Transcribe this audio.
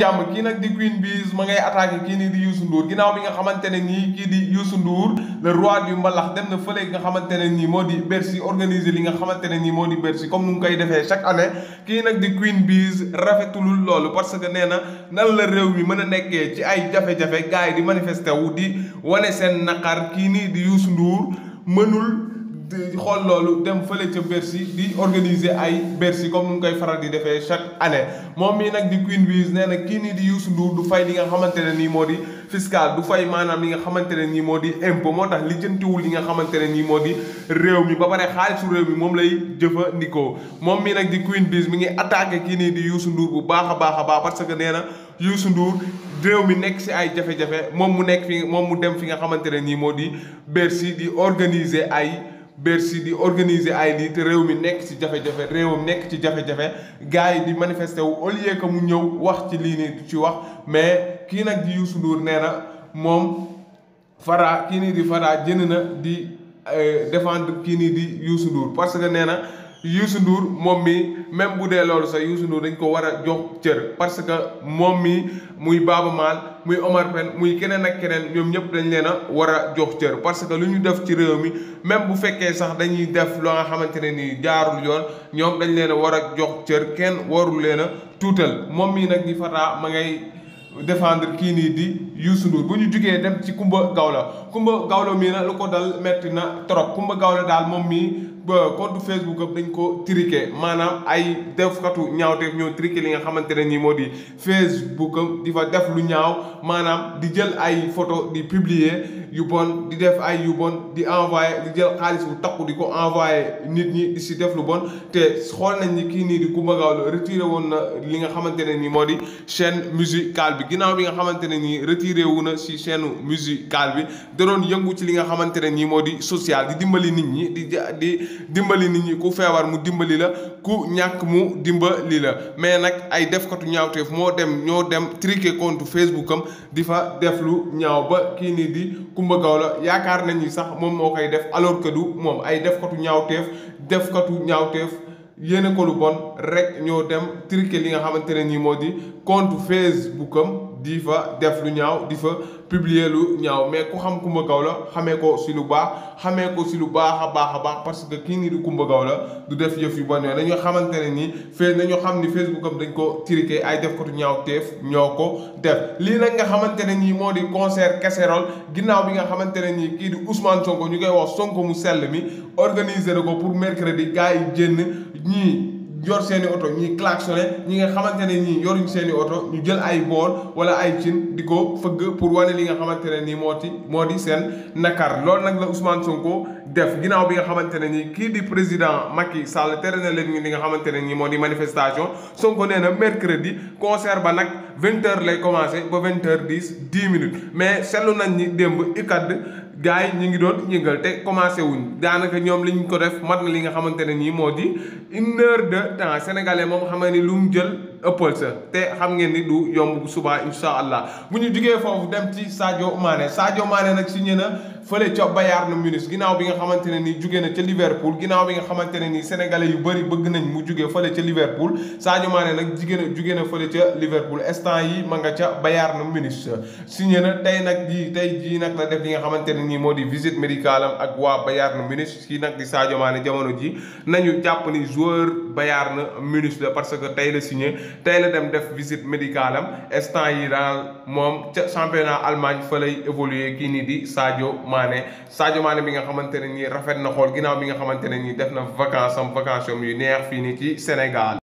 jàmm kii nag di Queen Biz ma ngay attaqué kii nii di Youssou Ndour ginaaw bi nga xamante ne nii kii di Youssou Ndour le roi yu mbalax dem na fële nga xamante ne nii moo di Bercy organiser li nga xamante ne nii moo di Bercy comme nu ngi koy defee chaque année kii nag di Queen Biz rafetulul loolu parce que nee na nan la réew mi mën a nekkee ci ay jafe-jafe gars yi di manifester wu di wane seen naqar kii nii di Youssou Ndour mënul di xool loolu dem fële ca Bercy di organiser ay Bercy comme nu mu koy faral di defee chaque année moom mii nag di Queen Biz nee na kii nii di Youssou Ndour du fay li nga xamante ne nii moo di fiscal du fay maanaam li nga xamante ne nii moo di impôt moo tax lijjantiwul li nga xamante ne nii moo di réew mi ba pare xaalisu réew mi moom lay jëfandikoo moom mii nag di Queen Biz mi ngi attaqué kii nii di Youssou Ndour bu baax a baax a baax parce que nee na Youssou Ndour réew mi nekk si ay jafe-jafe moom mu nekk fi moom mu dem fi nga xamante ne nii moo di Bercy di organiser ay. Bercy di organiser ay lii te réew mi nekk ci jafe-jafe réewam nekk ci jafe-jafe gars yi di manifester wu au lieu mu ñëw wax ci lii nii du ci wax mais kii nag di Youssou Ndour nee na moom Fara kii nii di faraa jënd na di euh, défendre kii nii di yuusu Ndour parce que nee na. Youssou Ndour moom mi même bu dee loolu sax Youssou Ndour dañ ko war a jox cër parce que moom mi muy Baaba Maal muy Omar Pène muy keneen ak keneen ñoom ñëpp dañu leen a war a jox cër parce que lu ñu def ci réew mi même bu fekkee sax dañuy def loo nga xamante ne nii jaarul yoon ñoom dañ leen a war a jox cër kenn warul leen a tuutal moom mii nag di Fata ma ngay. defandre kii nii di Youssou Ndour bu ñu jugee dem ci Kumba Gawla Kumba Gawla mii nag lu ko dal metti na trop Kumba Gawla daal moom mii compte Facebook am dañ ko triqué maanaam ay defkatu ñaawteef ñoo triqué li nga xamante ne nii moo di Facebook am di fa def lu ñaaw maanaam di jël ay photo di publier. yu bon di def ay yu bon di envoyé jël xaalis bu ko envoyé nit ñi si def lu te xool nañ ni kii nii di Coumba Gawlo woon na li nga xamante ne nii moo di chaîne musicale bi ginnaaw bi nga xamante ne nii retiré wu na si chaîne musicale bi da yëngu ci li nga xamante ne nii moo di social di dimbali nit ñi di di dimbali nit ñi ku feebar mu dimbali la ku ñàkk mu dimbali la mais nag ay defkatu ñaawteef moo dem ñoo dem triquer compte Facebook am di fa def ñaaw ba kii nii di Coumba Gawlo yaakaar nañ ni sax moom moo koy def alors que du moom ay defkatu ñaawteef defkatu ñaawteef yéene ko lu bon rek ñoo dem triquer li nga xamante ne nii moo di compte Facebook am. di fa def lu ñaaw di fa publier lu ñaaw mais ku xam Kumba Gawlo xamee ko si lu baax xamee ko si lu baax a baax a baax parce que kii nii di Kumba la du def yëf yu bon yooyu dañoo xamante ne nii fee nañoo xam ni Facebook am dañ ko triqué ay def kotu ñaaw teef ñoo ko def lii nag nga xamante ne nii moo di concert casserole ginnaaw bi nga xamante ne nii kii di Ousmane Sonko ñu koy wax sonk mu sell mi organiser na ko pour mercredi gars yi jënn ñii yor seeni i oto ñuy klaxonné ñi nga xamante ne ñii yoruñ seeni oto ñu jël ay bool wala ay cin di ko fëgg pour wane li nga xamante ne nii moo ti moo di seen nakar loolu nag la Ousmane Sonko def ginnaaw bi nga xamante ne ni kii di président Macky Sall tere na leen li nga xamante ne ni moo di manifestation son nee na mercredi concert ba nag vingt heures lay commencé ba vingt heures dix dix minutes mais seetlu nañ ni démb ikad gars yi ñu ngi doon yëngal te commencé wuñ daanaka ñoom li ñu ko def mat na li nga xamante ne nii moo di une heure de temps sénégalais moom xam ne ni lu mu jël. ëppal sa te xam ngeen ni du yomb bu subaa incha allah bu ñu jugee foofu dem ci Sadio Mané Sadio Mané nag signé na fële ca Bayern Munich ginnaaw bi nga xamante ne nii jugee na ca Liverpool ginnaaw bi nga xamante ne nii sénégalais yu bëri bëgg nañ mu jugee fële ca Liverpool Sadio maane nag jugee na jugee na fële ca Liverpool instant yi ma nga ca Bayern Munich signé na tey nag jii tey jii nag la def li nga xamante ne nii moo di visite médicale ak waa Bayern Munich kii nag di Sadio Mané jamono ji nañu jàpp ni joueur Bayern Munich parce que tey la signé tey la dem def visite médicale am instant yi daal moom ca championnat Allemagne fa lay évoluer kii nii di Sadio Mané Sadio Mané bi nga xamante ne nii rafet na xool ginnaaw bi nga xamante ne nii def na vacance am vacance am yu neex fii nii ci Sénégal.